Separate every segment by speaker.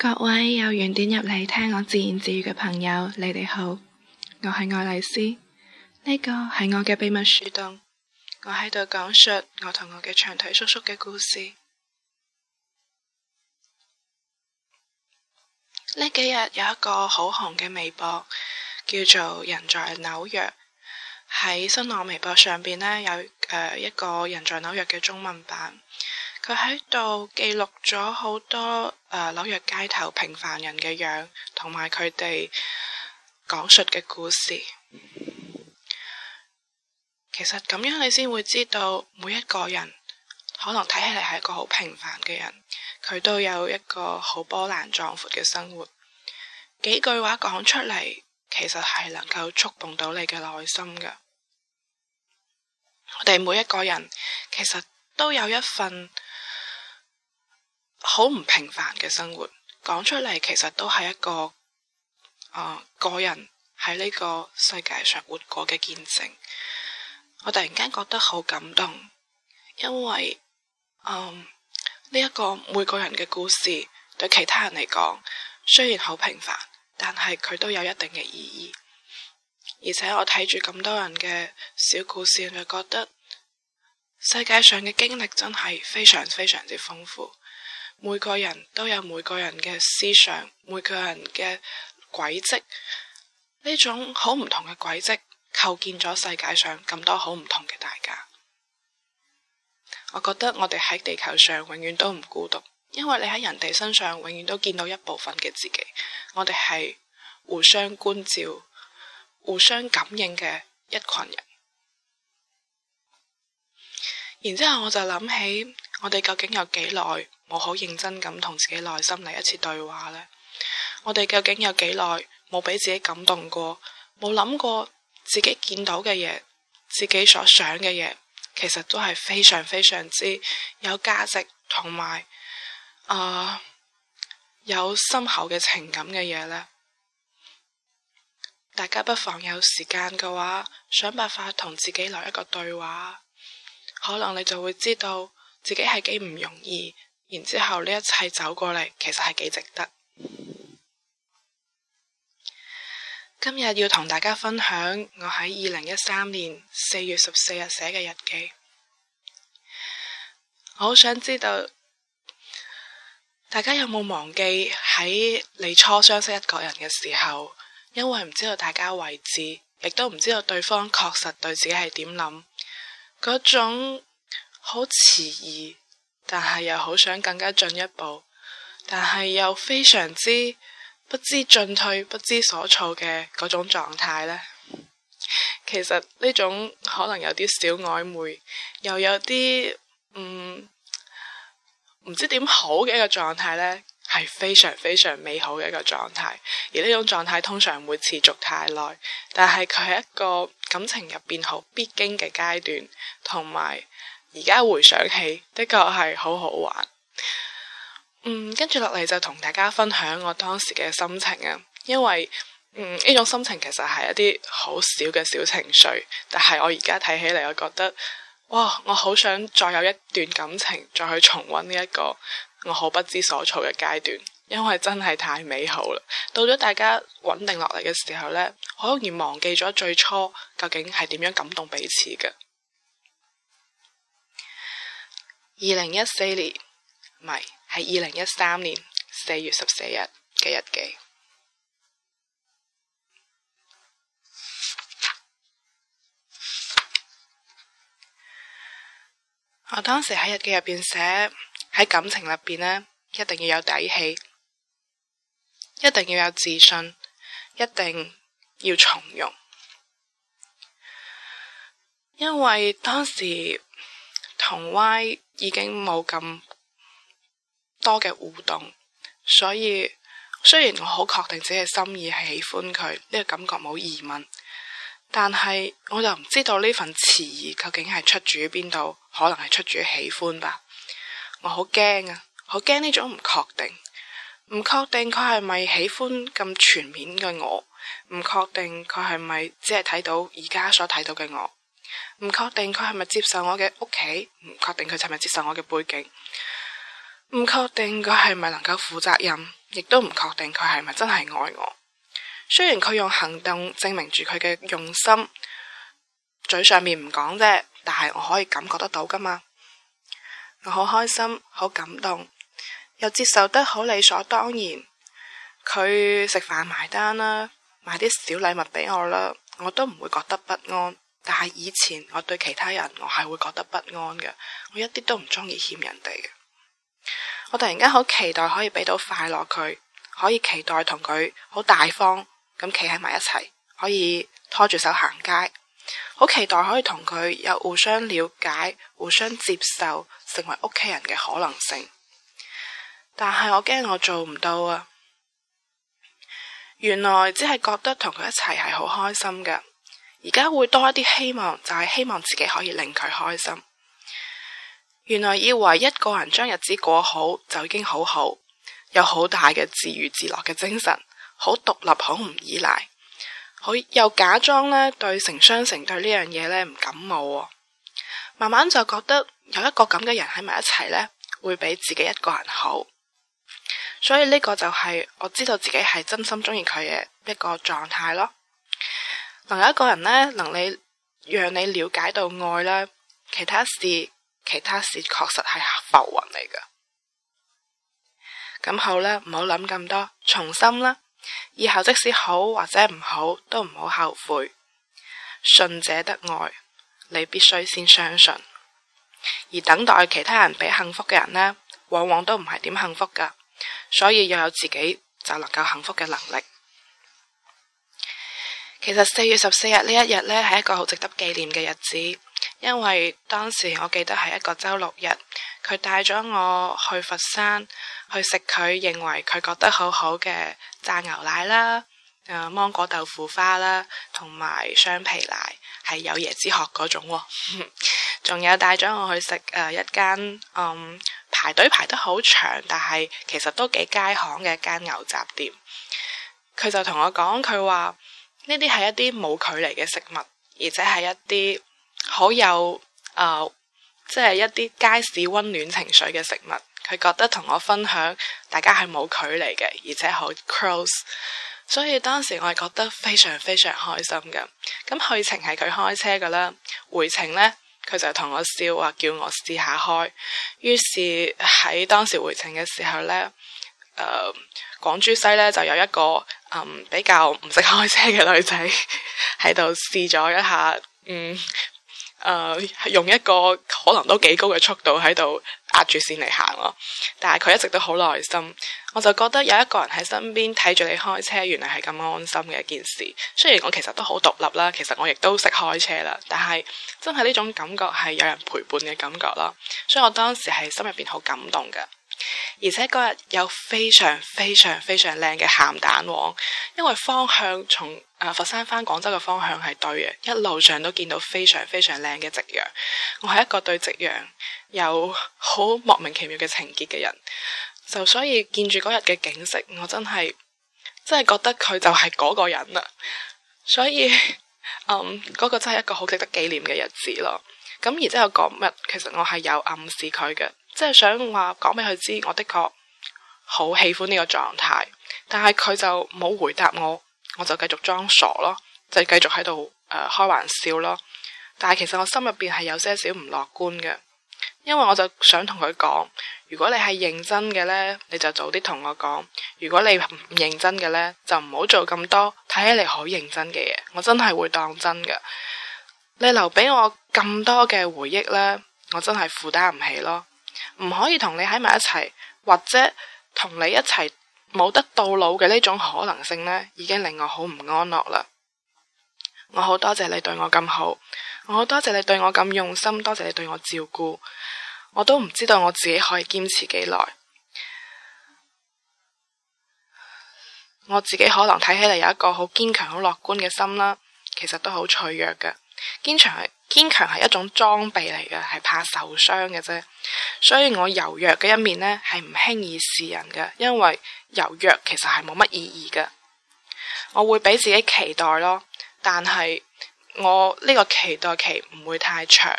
Speaker 1: 各位有緣點入嚟聽我自言自語嘅朋友，你哋好，我係愛麗絲，呢、這個係我嘅秘密樹洞，我喺度講述我同我嘅長腿叔叔嘅故事。呢幾日有一個好紅嘅微博，叫做《人在紐約》，喺新浪微博上邊呢，有一個人在紐約嘅中文版。佢喺度記錄咗好多誒、呃、紐約街頭平凡人嘅樣，同埋佢哋講述嘅故事。其實咁樣你先會知道，每一個人可能睇起嚟係一個好平凡嘅人，佢都有一個好波瀾壯闊嘅生活。幾句話講出嚟，其實係能夠觸動到你嘅內心嘅。我哋每一個人其實都有一份，好唔平凡嘅生活，講出嚟其實都係一個，誒、呃、個人喺呢個世界上活過嘅見證。我突然間覺得好感動，因為，呢、呃、一、這個每個人嘅故事，對其他人嚟講雖然好平凡，但係佢都有一定嘅意義。而且我睇住咁多人嘅小故事，就覺得世界上嘅經歷真係非常非常之豐富。每個人都有每個人嘅思想，每個人嘅軌跡，呢種好唔同嘅軌跡，構建咗世界上咁多好唔同嘅大家。我覺得我哋喺地球上永遠都唔孤獨，因為你喺人哋身上永遠都見到一部分嘅自己。我哋係互相關照、互相感應嘅一群人。然之後我就諗起，我哋究竟有幾耐冇好認真咁同自己內心嚟一次對話呢。我哋究竟有幾耐冇俾自己感動過？冇諗過自己見到嘅嘢，自己所想嘅嘢，其實都係非常非常之有價值，同埋啊有深厚嘅情感嘅嘢呢。大家不妨有時間嘅話，想辦法同自己來一個對話，可能你就會知道自己係幾唔容易。然之後呢一切走過嚟，其實係幾值得。今日要同大家分享，我喺二零一三年四月十四日寫嘅日記。我好想知道，大家有冇忘記喺你初相識一個人嘅時候？因為唔知道大家位置，亦都唔知道對方確實對自己係點諗，嗰種好遲疑。但係又好想更加進一步，但係又非常之不知進退，不知所措嘅嗰種狀態咧，其實呢種可能有啲小曖昧，又有啲嗯唔知點好嘅一個狀態呢，係非常非常美好嘅一個狀態。而呢種狀態通常會持續太耐，但係佢係一個感情入邊好必經嘅階段，同埋。而家回想起，的確係好好玩。嗯，跟住落嚟就同大家分享我當時嘅心情啊，因為嗯呢種心情其實係一啲好小嘅小情緒，但係我而家睇起嚟，我覺得哇，我好想再有一段感情，再去重溫呢一個我好不知所措嘅階段，因為真係太美好啦。到咗大家穩定落嚟嘅時候呢，我好容易忘記咗最初究竟係點樣感動彼此嘅。二零一四年，唔係，係二零一三年四月十四日嘅日記。我當時喺日記入邊寫，喺感情入邊呢，一定要有底氣，一定要有自信，一定要從容，因為當時。同 Y 已經冇咁多嘅互動，所以雖然我好確定自己嘅心意係喜歡佢，呢個感覺冇疑問，但係我就唔知道呢份遲疑究竟係出自喺邊度，可能係出自喺喜歡吧。我好驚啊，好驚呢種唔確定，唔確定佢係咪喜歡咁全面嘅我，唔確定佢係咪只係睇到而家所睇到嘅我。唔確定佢係咪接受我嘅屋企，唔確定佢係咪接受我嘅背景，唔確定佢係咪能夠負責任，亦都唔確定佢係咪真係愛我。雖然佢用行動證明住佢嘅用心，嘴上面唔講啫，但係我可以感覺得到噶嘛。我好開心，好感動，又接受得好理所當然。佢食飯埋單啦，買啲小禮物俾我啦，我都唔會覺得不安。但係以前，我對其他人我係會覺得不安嘅，我一啲都唔中意欠人哋嘅。我突然間好期待可以俾到快樂佢，可以期待同佢好大方咁企喺埋一齊，可以拖住手行街，好期待可以同佢有互相了解、互相接受，成為屋企人嘅可能性。但係我驚我做唔到啊！原來只係覺得同佢一齊係好開心嘅。而家會多一啲希望，就係希望自己可以令佢開心。原來以為一個人將日子過好就已經好好，有好大嘅自娛自樂嘅精神，好獨立，好唔依賴，好又假裝呢對成雙成對呢樣嘢呢唔感冒哦。慢慢就覺得有一個咁嘅人喺埋一齊呢，會比自己一個人好。所以呢個就係我知道自己係真心中意佢嘅一個狀態咯。能一個人呢，能你讓你了解到愛啦，其他事其他事確實係浮雲嚟㗎。咁好啦，唔好諗咁多，從心啦。以後即使好或者唔好，都唔好後悔。信者得愛，你必須先相信。而等待其他人俾幸福嘅人呢，往往都唔係點幸福㗎。所以要有自己就能夠幸福嘅能力。其實四月十四日呢一日呢，係一個好值得紀念嘅日子，因為當時我記得係一個周六日，佢帶咗我去佛山去食佢認為佢覺得好好嘅炸牛奶啦，誒、啊、芒果豆腐花啦，同埋雙皮奶係有椰子殼嗰種，哦，仲 有帶咗我去食誒、啊、一間嗯排隊排得好長，但係其實都幾街巷嘅一間牛雜店，佢就同我講佢話。呢啲係一啲冇距離嘅食物，而且係一啲好有，呃，即係一啲街市温暖情緒嘅食物。佢覺得同我分享，大家係冇距離嘅，而且好 close。所以當時我係覺得非常非常開心嘅。咁去程係佢開車噶啦，回程呢，佢就同我笑話，叫我試下開。於是喺當時回程嘅時候呢，誒，廣珠西呢，就有一個。嗯，um, 比較唔識開車嘅女仔喺度試咗一下，嗯，誒、呃、用一個可能都幾高嘅速度喺度壓住線嚟行咯。但係佢一直都好耐心，我就覺得有一個人喺身邊睇住你開車，原來係咁安心嘅一件事。雖然我其實都好獨立啦，其實我亦都識開車啦，但係真係呢種感覺係有人陪伴嘅感覺咯。所以我當時係心入邊好感動嘅。而且嗰日有非常非常非常靚嘅咸蛋黃，因為方向從誒、呃、佛山返廣州嘅方向係對嘅，一路上都見到非常非常靚嘅夕陽。我係一個對夕陽有好莫名其妙嘅情結嘅人，就所以見住嗰日嘅景色，我真係真係覺得佢就係嗰個人啦。所以嗯，嗰、嗰個真係一個好值得紀念嘅日子咯。咁而之後講乜，其實我係有暗示佢嘅。即係想話講俾佢知，我的確好喜歡呢個狀態，但係佢就冇回答我，我就繼續裝傻咯，就繼續喺度誒開玩笑咯。但係其實我心入邊係有些少唔樂觀嘅，因為我就想同佢講，如果你係認真嘅呢，你就早啲同我講；如果你唔認真嘅呢，就唔好做咁多睇起嚟好認真嘅嘢。我真係會當真嘅，你留俾我咁多嘅回憶呢，我真係負擔唔起咯。唔可以同你喺埋一齊，或者同你一齊冇得到老嘅呢種可能性呢，已經令我好唔安樂啦。我好多謝你對我咁好，我好多謝你對我咁用心，多謝你對我照顧。我都唔知道我自己可以堅持幾耐。我自己可能睇起嚟有一個好堅強、好樂觀嘅心啦，其實都好脆弱嘅。堅強係堅強係一種裝備嚟嘅，係怕受傷嘅啫。所以我柔弱嘅一面呢，係唔輕易示人嘅，因為柔弱其實係冇乜意義嘅。我會俾自己期待咯，但係我呢個期待期唔會太長。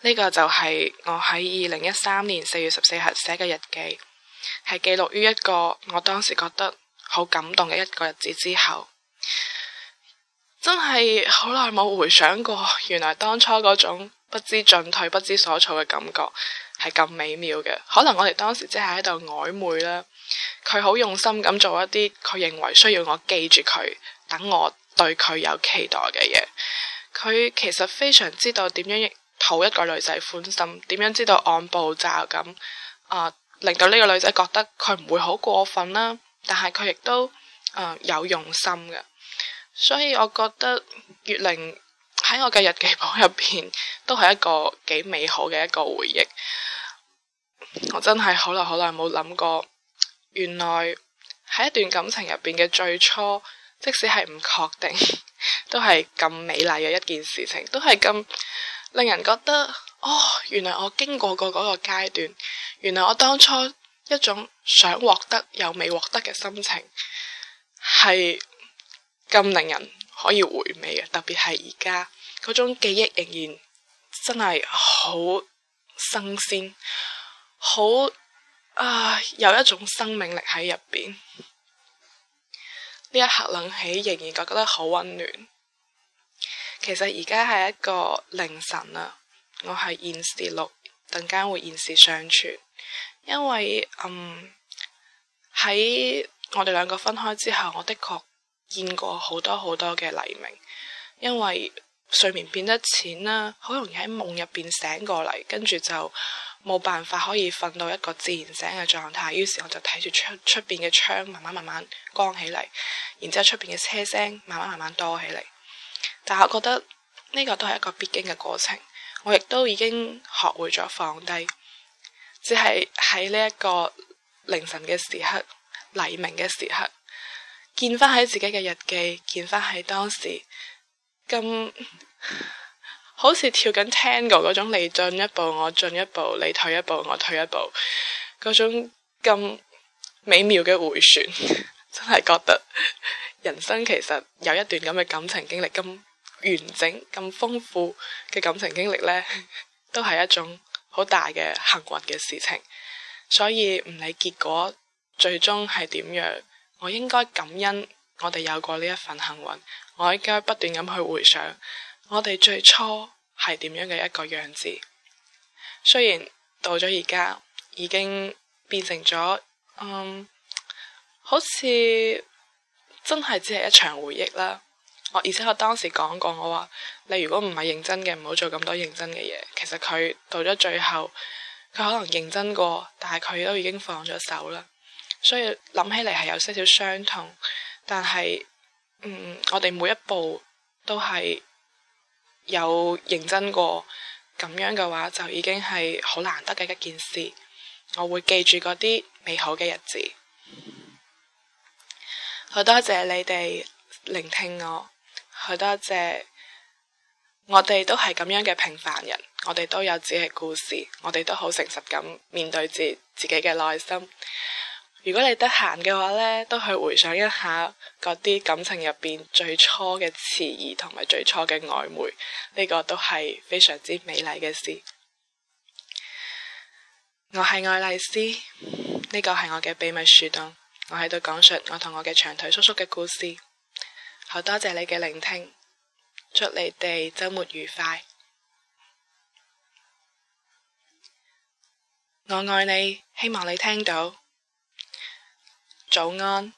Speaker 1: 呢個就係我喺二零一三年四月十四日寫嘅日記，係記錄於一個我當時覺得好感動嘅一個日子之後，真係好耐冇回想過，原來當初嗰種。不知進退、不知所措嘅感覺係咁美妙嘅。可能我哋當時只係喺度曖昧啦，佢好用心咁做一啲佢認為需要我記住佢，等我對佢有期待嘅嘢。佢其實非常知道點樣討一個女仔歡心，點樣知道按步驟咁啊，令到呢個女仔覺得佢唔會好過分啦。但係佢亦都啊有用心嘅，所以我覺得月玲喺我嘅日記簿入邊都係一個幾美好嘅一個回憶，我真係好耐好耐冇諗過，原來喺一段感情入邊嘅最初，即使係唔確定，都係咁美麗嘅一件事情，都係咁令人覺得，哦，原來我經過過嗰個階段，原來我當初一種想獲得又未獲得嘅心情，係咁令人可以回味嘅，特別係而家，嗰種記憶仍然。真係好新鮮，好啊，有一種生命力喺入邊。呢一刻諗起，仍然覺得好溫暖。其實而家係一個凌晨啊，我係延時錄，陣間會延時上傳。因為嗯，喺我哋兩個分開之後，我的確見過好多好多嘅黎明，因為。睡眠變得淺啦，好容易喺夢入邊醒過嚟，跟住就冇辦法可以瞓到一個自然醒嘅狀態。於是我就睇住出出邊嘅窗，慢慢慢慢光起嚟，然之後出邊嘅車聲慢慢慢慢多起嚟。但係我覺得呢個都係一個必經嘅過程，我亦都已經學會咗放低，只係喺呢一個凌晨嘅時刻，黎明嘅時刻，見翻喺自己嘅日記，見翻喺當時。咁好似跳緊 tango 嗰種，你進一步我進一步，你退一步我退一步，嗰種咁美妙嘅回旋， 真係覺得人生其實有一段咁嘅感情經歷，咁完整、咁豐富嘅感情經歷咧，都係一種好大嘅幸運嘅事情。所以唔理結果最終係點樣，我應該感恩。我哋有過呢一份幸運，我而家不斷咁去回想，我哋最初係點樣嘅一個樣子。雖然到咗而家已經變成咗，嗯，好似真係只係一場回憶啦。我而且我當時講過，我話你如果唔係認真嘅，唔好做咁多認真嘅嘢。其實佢到咗最後，佢可能認真過，但係佢都已經放咗手啦。所以諗起嚟係有些少傷痛。但係，嗯，我哋每一步都係有認真過，咁樣嘅話就已經係好難得嘅一件事。我會記住嗰啲美好嘅日子。好多謝你哋聆聽我，好多謝我哋都係咁樣嘅平凡人，我哋都有自己嘅故事，我哋都好誠實咁面對住自己嘅內心。如果你得閒嘅話呢，都去回想一下嗰啲感情入邊最初嘅遲疑同埋最初嘅曖昧，呢個都係非常之美麗嘅事。我係愛麗絲，呢個係我嘅秘密樹洞，我喺度講述我同我嘅長腿叔叔嘅故事。好多謝你嘅聆聽，祝你哋周末愉快。我愛你，希望你聽到。早安。